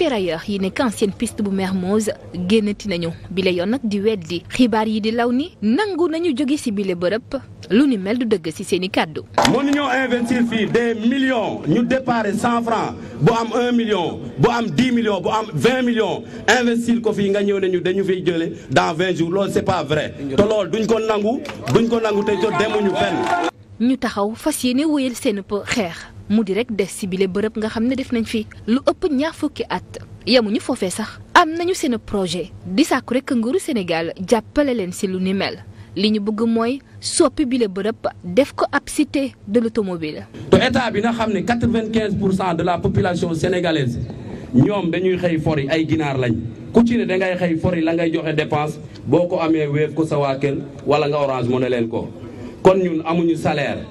ferrailleurs yi nekk ancienne piste bu Mermoz génnati nañu bile yoon nag di weddi xibaar yi di law ni nangu nañu jóge ci bile bërëb lu ni mel du dëgg ci seen i kàddu. mënuñoo investir fii des million ñu déparé cent francs bu am un million bu am dix millions bu am vingt millions investir ko fii nga ñëw nañu ñu dañu fiy jële dans vingt jours loolu c'est pas vrai te duñ ko nangu duñ ko nangu te jot demuñu fenn. ñu taxaw fas yéene wéyal seen xeex. mu di rek des si bile bërëb nga xam ne def nañ fi lu ëpp ñaar fukki at yemuñu foofee sax am nañu seen projet di sàkku rekk nguuru Sénégal jàppale leen si lu ni mel li ñu bëgg mooy soppi bile bërëb def ko ab cité de l'automobile te état bi na xam ne quatre vingt pour cent de la population sénégalaise ñoom dañuy xëy fori ay ginaar lañ ku ci ne dangay xëy fori la ngay joxe dépense boo ko amee wéef ko sa waa kër wala nga orange mu ne leen ko kon ñun amuñu salaire.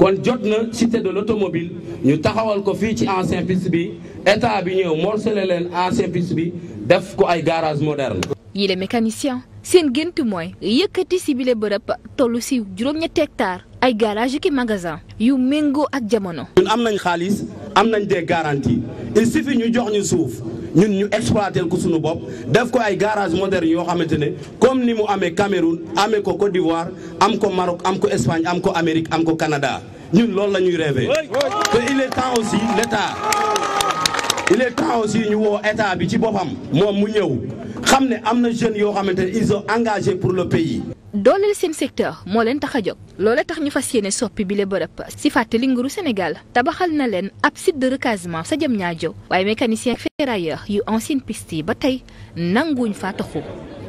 kon jot na cité de l'automobile ñu taxawal ko fii ci ancien piste bi état bi ñëw morcelé leen ancien piste bi def ko ay garage moderne yile mécanicien seen gént mooy yëkkati si bile bërëb toll si juróom-ñetti hectare ay garage ki magasin yu méngoo ak jamono ñun am nañ xaalis am nañ des garanties il suffit ñu jox ñu suuf ñun ñu exploiter ko suñu bopp def ko ay garage moderne yoo xamante ne comme ni mu amee Cameroun amee ko Côte d'Ivoire am ko Maroc am ko Espagne am ko Amérique am ko Canada ñun loolu la ñuy rêver te il temps aussi l'État il est temps aussi ñu woo état bi ci boppam moom mu ñëw xam ne am na jeunes yoo xamante ne ils sont engagés pour le pays dooleel seen secteur moo leen tax a jóg loola tax ñu fas yéene soppi bile bërëb si fàttali nguuru Sénégal tabaxal na leen ab site de recasement sa jëm ñaa jow waaye mécanicien ferrailleur yu ancienne piste yi ba tey nanguwuñ faa taxu